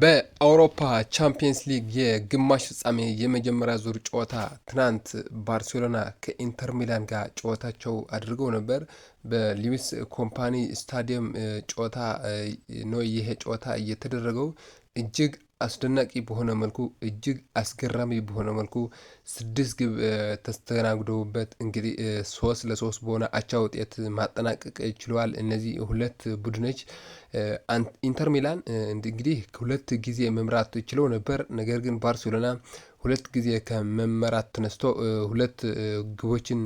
በአውሮፓ ቻምፒየንስ ሊግ የግማሽ ፍጻሜ የመጀመሪያ ዙር ጨዋታ ትናንት ባርሴሎና ከኢንተር ሚላን ጋር ጨዋታቸው አድርገው ነበር። በሊዊስ ኮምፓኒ ስታዲየም ጨዋታ ነው ይሄ ጨዋታ እየተደረገው እጅግ አስደናቂ በሆነ መልኩ እጅግ አስገራሚ በሆነ መልኩ ስድስት ግብ ተስተናግደውበት እንግዲህ ሶስት ለሶስት በሆነ አቻ ውጤት ማጠናቀቅ ችለዋል። እነዚህ ሁለት ቡድኖች ኢንተር ሚላን እንግዲህ ሁለት ጊዜ መምራት ችለው ነበር። ነገር ግን ባርሴሎና ሁለት ጊዜ ከመመራት ተነስቶ ሁለት ግቦችን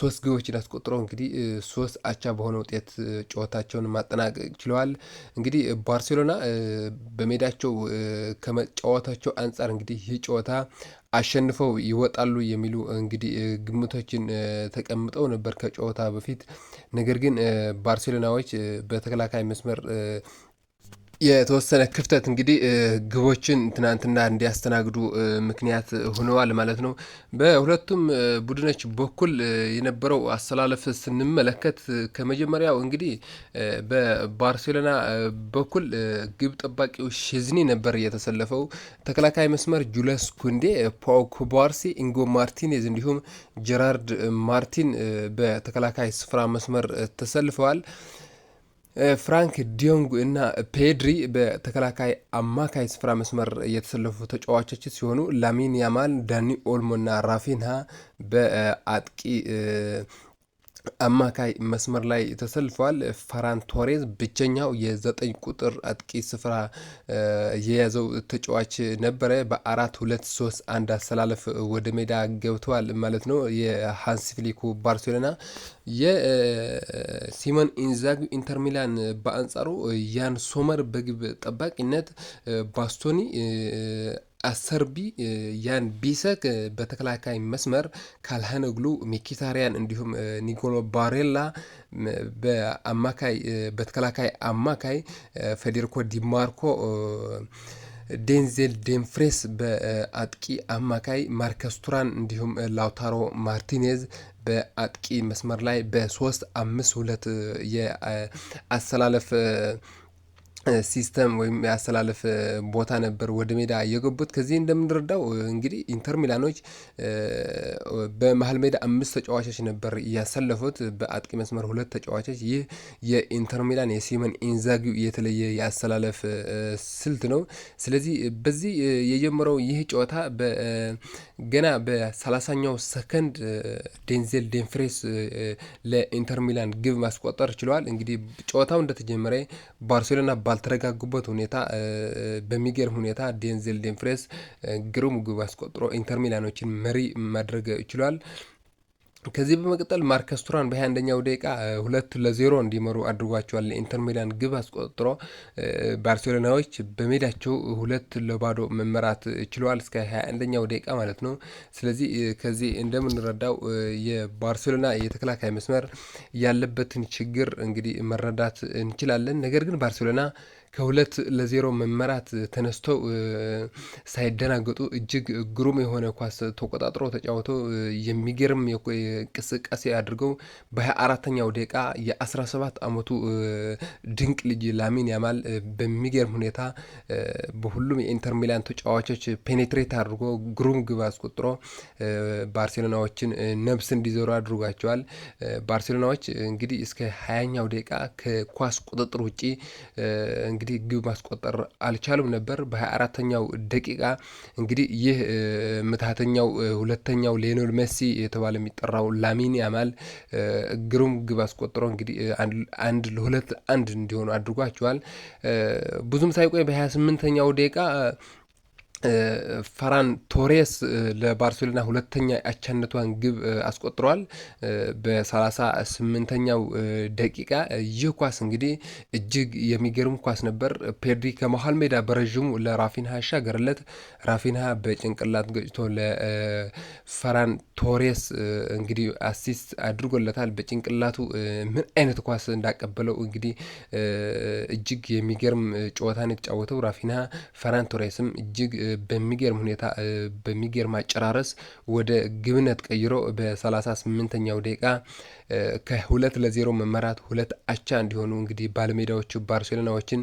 ሶስት ግቦችን አስቆጥረው እንግዲህ ሶስት አቻ በሆነ ውጤት ጨዋታቸውን ማጠናቀቅ ችለዋል። እንግዲህ ባርሴሎና በሜዳቸው ከመጫወታቸው አንጻር እንግዲህ ይህ ጨዋታ አሸንፈው ይወጣሉ የሚሉ እንግዲህ ግምቶችን ተቀምጠው ነበር ከጨዋታ በፊት። ነገር ግን ባርሴሎናዎች በተከላካይ መስመር የተወሰነ ክፍተት እንግዲህ ግቦችን ትናንትና እንዲያስተናግዱ ምክንያት ሆነዋል ማለት ነው። በሁለቱም ቡድኖች በኩል የነበረው አሰላለፍ ስንመለከት ከመጀመሪያው እንግዲህ በባርሴሎና በኩል ግብ ጠባቂው ሽዝኒ ነበር የተሰለፈው። ተከላካይ መስመር ጁለስ ኩንዴ፣ ፓው ኩባርሲ፣ ኢንጎ ማርቲኔዝ እንዲሁም ጀራርድ ማርቲን በተከላካይ ስፍራ መስመር ተሰልፈዋል። ፍራንክ ዲዮንግ እና ፔድሪ በተከላካይ አማካይ ስፍራ መስመር የተሰለፉ ተጫዋቾች ሲሆኑ ላሚን ያማል፣ ዳኒ ኦልሞ እና ራፊንሃ በአጥቂ አማካይ መስመር ላይ ተሰልፏል። ፈራን ቶሬዝ ብቸኛው የዘጠኝ ቁጥር አጥቂ ስፍራ የያዘው ተጫዋች ነበረ። በአራት ሁለት ሶስት አንድ አሰላለፍ ወደ ሜዳ ገብተዋል ማለት ነው። የሃንሲ ፍሊኩ ባርሴሎና የሲሞን ኢንዛጊ ኢንተር ሚላን በአንጻሩ ያን ሶመር በግብ ጠባቂነት ባስቶኒ ሰርቢ ያን ቢሰክ በተከላካይ መስመር ካልሃነግሉ ሚኪታሪያን እንዲሁም ኒኮሎ ባሬላ በአማካይ በተከላካይ አማካይ ፌዴሪኮ ዲማርኮ ዴንዜል ዴንፍሬስ በአጥቂ አማካይ ማርከስ ቱራን እንዲሁም ላውታሮ ማርቲኔዝ በአጥቂ መስመር ላይ በሶስት አምስት ሁለት የአሰላለፍ ሲስተም ወይም ያስተላለፍ ቦታ ነበር ወደ ሜዳ የገቡት። ከዚህ እንደምንረዳው እንግዲህ ኢንተር ሚላኖች በመሀል ሜዳ አምስት ተጫዋቾች ነበር ያሰለፉት፣ በአጥቂ መስመር ሁለት ተጫዋቾች። ይህ የኢንተር ሚላን የሲመን ኢንዛጊው የተለየ ያስተላለፍ ስልት ነው። ስለዚህ በዚህ የጀመረው ይህ ጨዋታ ገና በሰላሳኛው ሰከንድ ዴንዜል ዴንፍሬስ ለኢንተር ሚላን ግብ ማስቆጠር ችለዋል። እንግዲህ ጨዋታው እንደተጀመረ ባርሴሎና ባልተረጋጉበት ሁኔታ በሚገርም ሁኔታ ዴንዘል ዴንፍሬስ ግሩም ግብ አስቆጥሮ ኢንተር ሚላኖችን መሪ ማድረግ ችሏል። ከዚህ በመቀጠል ማርከስ ቱራን በ21ኛው ደቂቃ ሁለት ለዜሮ እንዲመሩ አድርጓቸዋል። ኢንተር ሚላን ግብ አስቆጥሮ ባርሴሎናዎች በሜዳቸው ሁለት ለባዶ መመራት ችለዋል፣ እስከ 21ኛው ደቂቃ ማለት ነው። ስለዚህ ከዚህ እንደምንረዳው የባርሴሎና የተከላካይ መስመር ያለበትን ችግር እንግዲህ መረዳት እንችላለን። ነገር ግን ባርሴሎና ከሁለት ለዜሮ መመራት ተነስተው ሳይደናገጡ እጅግ ግሩም የሆነ ኳስ ተቆጣጥሮ ተጫውቶ የሚገርም እንቅስቃሴ አድርገው በ24ተኛው ደቂቃ የ17 ዓመቱ ድንቅ ልጅ ላሚን ያማል በሚገርም ሁኔታ በሁሉም የኢንተር ሚላን ተጫዋቾች ፔኔትሬት አድርጎ ግሩም ግብ አስቆጥሮ ባርሴሎናዎችን ነብስ እንዲዘሩ አድርጓቸዋል። ባርሴሎናዎች እንግዲህ እስከ ሀያኛው ደቂቃ ከኳስ ቁጥጥር ውጪ እንግዲህ ግብ ማስቆጠር አልቻሉም ነበር። በ24ተኛው ደቂቃ እንግዲህ ይህ ምትሃተኛው ሁለተኛው ሊዮኔል ሜሲ የተባለ የሚጠራው ላሚን ያማል ግሩም ግብ አስቆጥሮ እንግዲህ አንድ ለሁለት አንድ እንዲሆኑ አድርጓቸዋል። ብዙም ሳይቆይ በ28ኛው ደቂቃ ፈራን ቶሬስ ለባርሴሎና ሁለተኛ አቻነቷን ግብ አስቆጥረዋል። በሰላሳ ስምንተኛው ደቂቃ ይህ ኳስ እንግዲህ እጅግ የሚገርም ኳስ ነበር። ፔድሪ ከመሀል ሜዳ በረዥሙ ለራፊንሃ ያሻገርለት፣ ራፊንሃ በጭንቅላት ገጭቶ ለፈራን ቶሬስ እንግዲህ አሲስት አድርጎለታል። በጭንቅላቱ ምን አይነት ኳስ እንዳቀበለው እንግዲህ እጅግ የሚገርም ጨዋታን የተጫወተው ራፊና ፈራን ቶሬስም እጅግ በሚገርም ሁኔታ በሚገርም አጨራረስ ወደ ግብነት ቀይሮ በ38ኛው ደቂቃ ከሁለት ለዜሮ መመራት ሁለት አቻ እንዲሆኑ እንግዲህ ባለሜዳዎቹ ባርሴሎናዎችን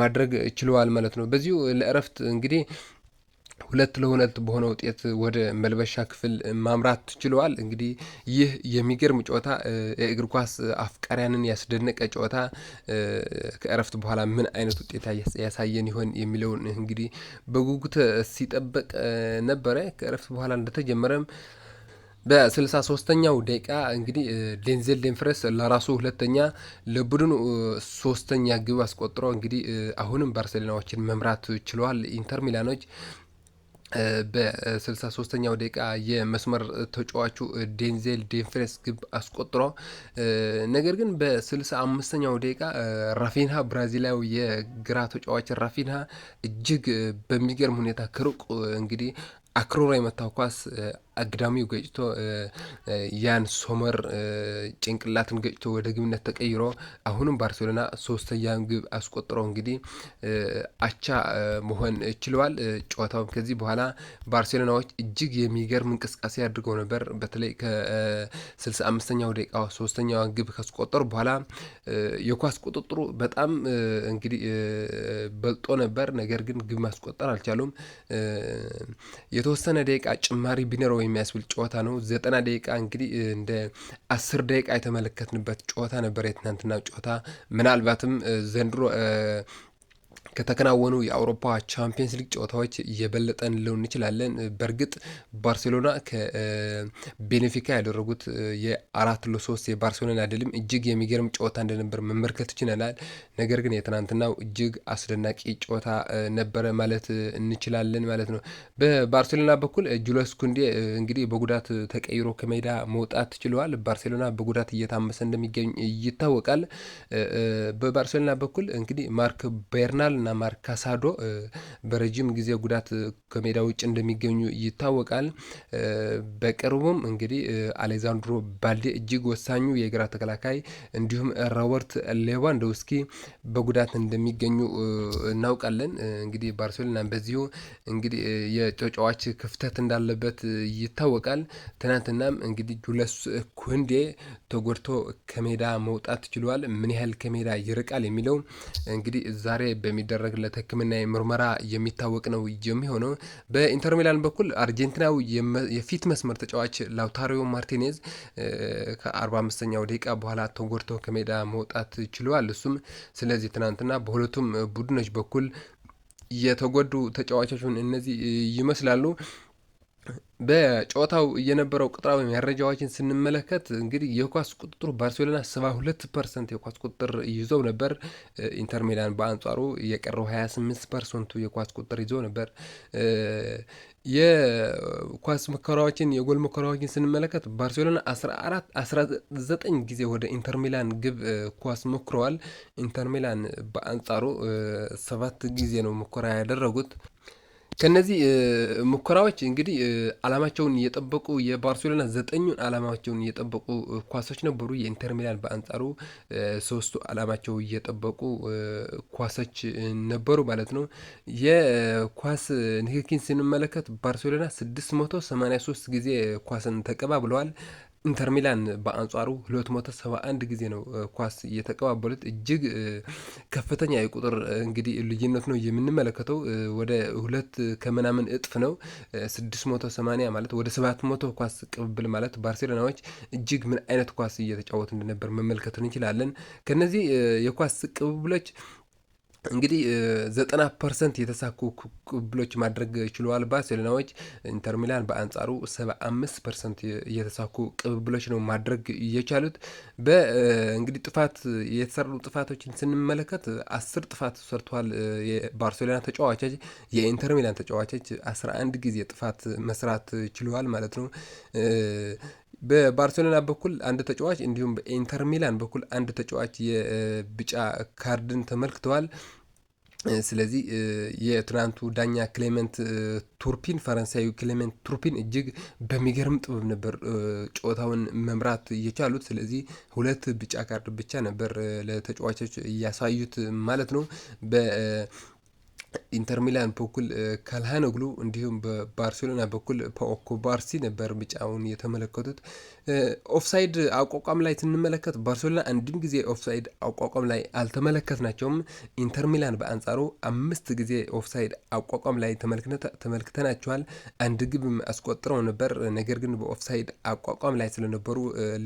ማድረግ ችለዋል ማለት ነው። በዚሁ ለእረፍት እንግዲህ ሁለት ለሁለት በሆነ ውጤት ወደ መልበሻ ክፍል ማምራት ችለዋል። እንግዲህ ይህ የሚገርም ጨዋታ የእግር ኳስ አፍቃሪያንን ያስደነቀ ጨዋታ ከእረፍት በኋላ ምን አይነት ውጤት ያሳየን ይሆን የሚለውን እንግዲህ በጉጉት ሲጠበቅ ነበረ። ከእረፍት በኋላ እንደተጀመረም በስልሳ ሶስተኛው ደቂቃ እንግዲህ ዴንዜል ዴንፍረስ ለራሱ ሁለተኛ ለቡድኑ ሶስተኛ ግብ አስቆጥሮ እንግዲህ አሁንም ባርሴሎናዎችን መምራት ችለዋል ኢንተር ሚላኖች በ63ኛው ደቂቃ የመስመር ተጫዋቹ ዴንዜል ዴንፍሬስ ግብ አስቆጥሮ ነገር ግን በ65ኛው ደቂቃ ራፊንሃ ብራዚላዊ የግራ ተጫዋች ራፊንሃ እጅግ በሚገርም ሁኔታ ከሩቅ እንግዲህ አክሮራ የመታው ኳስ አግዳሚው ገጭቶ ያን ሶመር ጭንቅላትን ገጭቶ ወደ ግብነት ተቀይሮ አሁንም ባርሴሎና ሶስተኛ ግብ አስቆጥሮ እንግዲህ አቻ መሆን ችለዋል። ጨዋታውም ከዚህ በኋላ ባርሴሎናዎች እጅግ የሚገርም እንቅስቃሴ አድርገው ነበር። በተለይ ከ 65 ደቂቃ ሶስተኛዋ ግብ ካስቆጠሩ በኋላ የኳስ ቁጥጥሩ በጣም እንግዲህ በልጦ ነበር። ነገር ግን ግብ ማስቆጠር አልቻሉም። የተወሰነ ደቂቃ ጭማሪ ቢኖረው የሚያስብል ጨዋታ ነው። ዘጠና ደቂቃ እንግዲህ እንደ አስር ደቂቃ የተመለከትንበት ጨዋታ ነበር የትናንትና ጨዋታ። ምናልባትም ዘንድሮ ከተከናወኑ የአውሮፓ ቻምፒየንስ ሊግ ጨዋታዎች እየበለጠን ልንለው እንችላለን። በእርግጥ ባርሴሎና ከቤኔፊካ ያደረጉት የአራት ለሶስት የባርሴሎና ድልም እጅግ የሚገርም ጨዋታ እንደነበር መመልከት ችለናል። ነገር ግን የትናንትናው እጅግ አስደናቂ ጨዋታ ነበረ ማለት እንችላለን ማለት ነው። በባርሴሎና በኩል ጁለስ ኩንዴ እንግዲህ በጉዳት ተቀይሮ ከሜዳ መውጣት ችለዋል። ባርሴሎና በጉዳት እየታመሰ እንደሚገኝ ይታወቃል። በባርሴሎና በኩል እንግዲህ ማርክ ቤርናል እና ማርክ ካሳዶ በረጅም ጊዜ ጉዳት ከሜዳ ውጭ እንደሚገኙ ይታወቃል። በቅርቡም እንግዲህ አሌዛንድሮ ባልዴ እጅግ ወሳኙ የግራ ተከላካይ እንዲሁም ሮበርት ሌቫንዶውስኪ በጉዳት እንደሚገኙ እናውቃለን። እንግዲህ ባርሴሎና በዚሁ እንግዲህ የተጫዋች ክፍተት እንዳለበት ይታወቃል። ትናንትናም እንግዲህ ጁለስ ኩንዴ ተጎድቶ ከሜዳ መውጣት ችሏል። ምን ያህል ከሜዳ ይርቃል የሚለው እንግዲህ ዛሬ በሚደ በሚደረግለት ህክምና ምርመራ የሚታወቅ ነው የሚሆነው። በኢንተር ሚላን በኩል አርጀንቲናዊ የፊት መስመር ተጫዋች ላውታሪዮ ማርቲኔዝ ከ45ኛው ደቂቃ በኋላ ተጎድቶ ከሜዳ መውጣት ችሏል። እሱም ስለዚህ ትናንትና በሁለቱም ቡድኖች በኩል የተጎዱ ተጫዋቾችን እነዚህ ይመስላሉ። በጨዋታው የነበረው ቁጥራዊ መረጃዎችን ስንመለከት እንግዲህ የኳስ ቁጥጥሩ ባርሴሎና 72 ፐርሰንት የኳስ ቁጥጥር ይዞው ነበር። ኢንተር ሚላን በአንጻሩ የቀረው 28 ፐርሰንቱ የኳስ ቁጥጥር ይዞ ነበር። የኳስ ሙከራዎችን የጎል ሙከራዎችን ስንመለከት ባርሴሎና 14 19 ጊዜ ወደ ኢንተር ሚላን ግብ ኳስ ሞክረዋል። ኢንተር ሚላን በአንጻሩ ሰባት ጊዜ ነው ሙከራ ያደረጉት። ከነዚህ ሙከራዎች እንግዲህ አላማቸውን እየጠበቁ የባርሴሎና ዘጠኙን አላማቸውን እየጠበቁ ኳሶች ነበሩ። የኢንተር ሚላን በአንጻሩ ሶስቱ አላማቸው እየጠበቁ ኳሶች ነበሩ ማለት ነው። የኳስ ንክኪን ስንመለከት ባርሴሎና 683 ጊዜ ኳስን ተቀባብለዋል። ኢንተር ሚላን በአንጻሩ 271 ጊዜ ነው ኳስ የተቀባበሉት። እጅግ ከፍተኛ የቁጥር እንግዲህ ልዩነት ነው የምንመለከተው። ወደ ሁለት ከምናምን እጥፍ ነው 680 ማለት ወደ 700 ኳስ ቅብብል ማለት ባርሴሎናዎች እጅግ ምን አይነት ኳስ እየተጫወቱ እንደነበር መመልከት እንችላለን። ከነዚህ የኳስ ቅብብሎች እንግዲህ ዘጠና ፐርሰንት የተሳኩ ቅብሎች ማድረግ ችለዋል ባርሴሎናዎች። ኢንተር ሚላን በአንጻሩ ሰባ አምስት ፐርሰንት የተሳኩ ቅብብሎች ነው ማድረግ የቻሉት። በእንግዲህ ጥፋት የተሰሩ ጥፋቶችን ስንመለከት አስር ጥፋት ሰርተዋል የባርሴሎና ተጫዋቾች። የኢንተር ሚላን ተጫዋቾች አስራ አንድ ጊዜ ጥፋት መስራት ችለዋል ማለት ነው። በባርሴሎና በኩል አንድ ተጫዋች እንዲሁም በኢንተር ሚላን በኩል አንድ ተጫዋች የቢጫ ካርድን ተመልክተዋል። ስለዚህ የትናንቱ ዳኛ ክሌመንት ቱርፒን ፈረንሳዊ ክሌመንት ቱርፒን እጅግ በሚገርም ጥበብ ነበር ጨዋታውን መምራት እየቻሉት። ስለዚህ ሁለት ቢጫ ካርድ ብቻ ነበር ለተጫዋቾች እያሳዩት ማለት ነው በ ኢንተር ሚላን በኩል ካልሃነግሉ እንዲሁም በባርሴሎና በኩል ፓኦኮ ባርሲ ነበር ቢጫውን የተመለከቱት። ኦፍሳይድ አቋቋም ላይ ስንመለከት ባርሴሎና አንድም ጊዜ ኦፍሳይድ አቋቋም ላይ አልተመለከትናቸውም። ኢንተር ሚላን በአንጻሩ አምስት ጊዜ ኦፍሳይድ አቋቋም ላይ ተመልክተናቸዋል። አንድ ግብም አስቆጥረው ነበር። ነገር ግን በኦፍሳይድ አቋቋም ላይ ስለነበሩ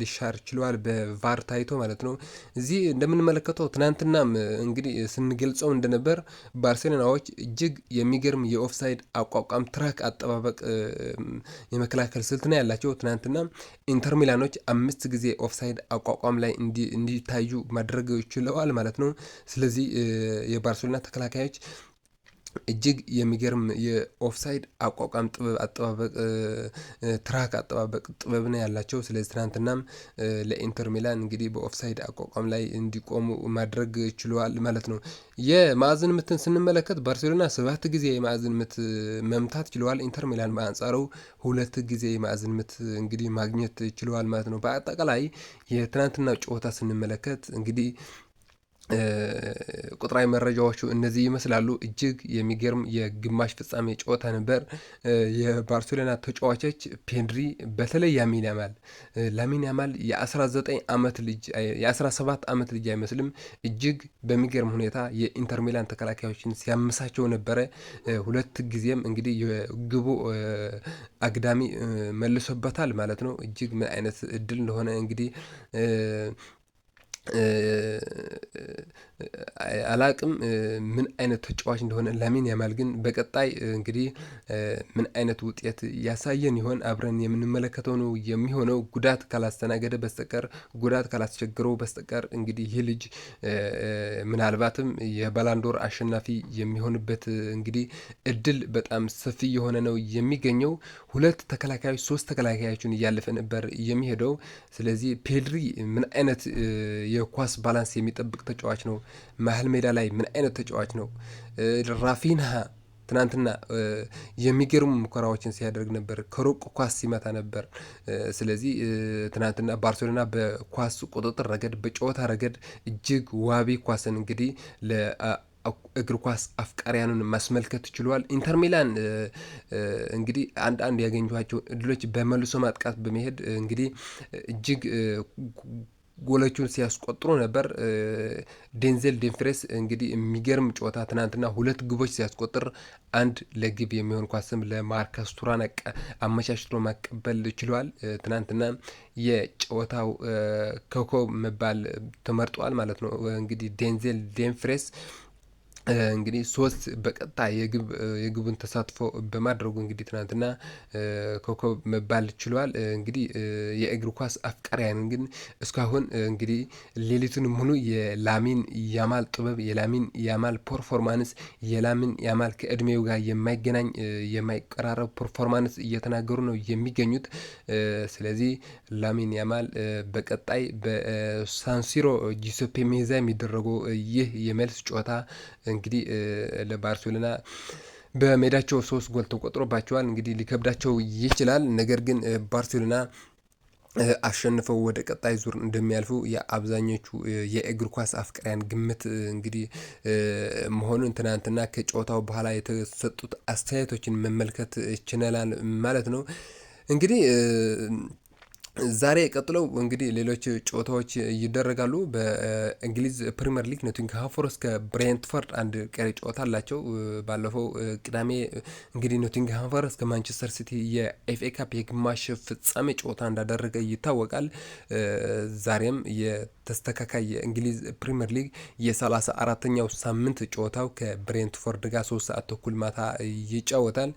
ሊሻር ችለዋል፣ በቫር ታይቶ ማለት ነው። እዚህ እንደምንመለከተው ትናንትናም እንግዲህ ስንገልጸው እንደነበር ባርሴሎናዎች እጅግ የሚገርም የኦፍሳይድ አቋቋም ትራክ አጠባበቅ የመከላከል ስልት ነው ያላቸው ትናንትና ኢንተር ሚላኖች አምስት ጊዜ ኦፍሳይድ አቋቋም ላይ እንዲታዩ ማድረግ ችለዋል ማለት ነው። ስለዚህ የባርሴሎና ተከላካዮች እጅግ የሚገርም የኦፍሳይድ አቋቋም ጥበብ አጠባበቅ ትራክ አጠባበቅ ጥበብ ነው ያላቸው። ስለዚህ ትናንትናም ለኢንተር ሚላን እንግዲህ በኦፍሳይድ አቋቋም ላይ እንዲቆሙ ማድረግ ችለዋል ማለት ነው። የማዕዘን ምትን ስንመለከት ባርሴሎና ሰባት ጊዜ የማዕዘን ምት መምታት ችለዋል። ኢንተር ሚላን በአንጻሩ ሁለት ጊዜ የማዕዘን ምት እንግዲህ ማግኘት ችለዋል ማለት ነው። በአጠቃላይ የትናንትና ጨዋታ ስንመለከት እንግዲህ ቁጥራዊ መረጃዎቹ እነዚህ ይመስላሉ። እጅግ የሚገርም የግማሽ ፍጻሜ ጨዋታ ነበር። የባርሴሎና ተጫዋቾች ፔድሪ በተለይ ያሚን ያማል ላሚን ያማል የ19 ዓመት ልጅ የ17 ዓመት ልጅ አይመስልም። እጅግ በሚገርም ሁኔታ የኢንተር ሚላን ተከላካዮችን ሲያመሳቸው ነበረ። ሁለት ጊዜም እንግዲህ የግቡ አግዳሚ መልሶበታል ማለት ነው። እጅግ ምን አይነት እድል እንደሆነ እንግዲህ አላቅም ምን አይነት ተጫዋች እንደሆነ ላሚን ያማል ግን በቀጣይ እንግዲህ ምን አይነት ውጤት ያሳየን ይሆን አብረን የምንመለከተው ነው የሚሆነው። ጉዳት ካላስተናገደ በስተቀር ጉዳት ካላስቸግረው በስተቀር እንግዲህ ይህ ልጅ ምናልባትም የባላንዶር አሸናፊ የሚሆንበት እንግዲህ እድል በጣም ሰፊ የሆነ ነው የሚገኘው። ሁለት ተከላካዮች ሶስት ተከላካዮችን እያለፈ ነበር የሚሄደው። ስለዚህ ፔድሪ ምን አይነት የኳስ ባላንስ የሚጠብቅ ተጫዋች ነው። መሀል ሜዳ ላይ ምን አይነት ተጫዋች ነው? ራፊንሃ ትናንትና የሚገርሙ ሙከራዎችን ሲያደርግ ነበር። ከሩቅ ኳስ ሲመታ ነበር። ስለዚህ ትናንትና ባርሴሎና በኳስ ቁጥጥር ረገድ፣ በጨዋታ ረገድ እጅግ ዋቢ ኳስን እንግዲህ እግር ኳስ አፍቃሪያንን ማስመልከት ችሏል። ኢንተር ሚላን እንግዲህ አንድ አንድ ያገኟቸው እድሎች በመልሶ ማጥቃት በመሄድ እንግዲህ እጅግ ጎሎቹን ሲያስቆጥሩ ነበር። ዴንዜል ዴንፍሬስ እንግዲህ የሚገርም ጨዋታ ትናንትና ሁለት ግቦች ሲያስቆጥር አንድ ለግብ የሚሆን ኳስም ለማርከስ ቱራን አመቻችሎ ማቀበል ችሏል። ትናንትና የጨዋታው ኮከብ መባል ተመርጧል ማለት ነው። እንግዲህ ዴንዜል ዴንፍሬስ እንግዲህ ሶስት በቀጥታ የግቡን ተሳትፎ በማድረጉ እንግዲህ ትናንትና ኮከብ መባል ችሏል። እንግዲህ የእግር ኳስ አፍቃሪያን ግን እስካሁን እንግዲህ ሌሊቱን ሙሉ የላሚን ያማል ጥበብ፣ የላሚን ያማል ፐርፎርማንስ፣ የላሚን ያማል ከእድሜው ጋር የማይገናኝ የማይቀራረብ ፐርፎርማንስ እየተናገሩ ነው የሚገኙት። ስለዚህ ላሚን ያማል በቀጣይ በሳንሲሮ ጂሶፔ ሜዛ የሚደረገው ይህ የመልስ ጨዋታ እንግዲህ ለባርሴሎና በሜዳቸው ሶስት ጎል ተቆጥሮባቸዋል። እንግዲህ ሊከብዳቸው ይችላል። ነገር ግን ባርሴሎና አሸንፈው ወደ ቀጣይ ዙር እንደሚያልፉ የአብዛኞቹ የእግር ኳስ አፍቃሪያን ግምት እንግዲህ መሆኑን ትናንትና ከጨዋታው በኋላ የተሰጡት አስተያየቶችን መመልከት ችለናል ማለት ነው እንግዲህ ዛሬ ቀጥለው እንግዲህ ሌሎች ጨዋታዎች ይደረጋሉ። በእንግሊዝ ፕሪምየር ሊግ ኖቲንግሃም ፎረስት ከብሬንትፈርድ አንድ ቀሪ ጨዋታ አላቸው። ባለፈው ቅዳሜ እንግዲህ ኖቲንግሃም ፎረስት ከማንቸስተር ሲቲ የኤፍኤ ካፕ የግማሽ ፍጻሜ ጨዋታ እንዳደረገ ይታወቃል። ዛሬም የ ተስተካካይ የእንግሊዝ ፕሪምየር ሊግ የሰላሳ አራተኛው ሳምንት ጨዋታው ከብሬንትፎርድ ጋር ሶስት ሰዓት ተኩል ማታ ይጫወታል።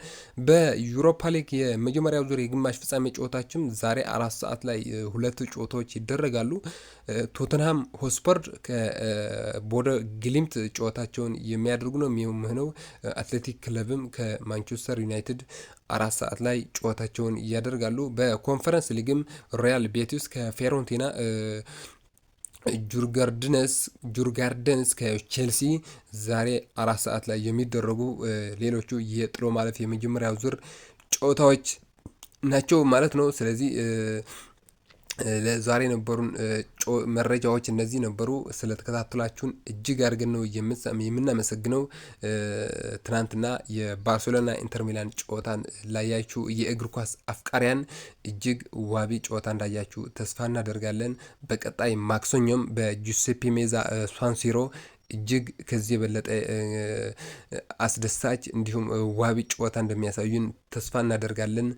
በዩሮፓ ሊግ የመጀመሪያው ዙር የግማሽ ፍጻሜ ጨዋታችም ዛሬ አራት ሰዓት ላይ ሁለት ጨዋታዎች ይደረጋሉ። ቶተንሃም ሆስፐርድ ከቦደ ግሊምት ጨዋታቸውን የሚያደርጉ ነው የሚሆነው። አትሌቲክ ክለብም ከማንቸስተር ዩናይትድ አራት ሰዓት ላይ ጨዋታቸውን እያደርጋሉ። በኮንፈረንስ ሊግም ሮያል ቤቲስ ከፌሮንቲና ጁርጋርደንስ ከቼልሲ ዛሬ አራት ሰዓት ላይ የሚደረጉ ሌሎቹ የጥሎ ማለፍ የመጀመሪያው ዙር ጨዋታዎች ናቸው ማለት ነው። ስለዚህ ለዛሬ ነበሩን መረጃዎች እነዚህ ነበሩ። ስለተከታተላችሁን እጅግ አድርገን ነው የምናመሰግነው። ትናንትና የባርሴሎና ኢንተር ሚላን ጨዋታን ላያችሁ የእግር ኳስ አፍቃሪያን እጅግ ዋቢ ጨዋታ እንዳያችሁ ተስፋ እናደርጋለን። በቀጣይ ማክሰኞም በጁሴፒ ሜዛ ሳንሲሮ እጅግ ከዚህ የበለጠ አስደሳች እንዲሁም ዋቢ ጨዋታ እንደሚያሳዩን ተስፋ እናደርጋለን።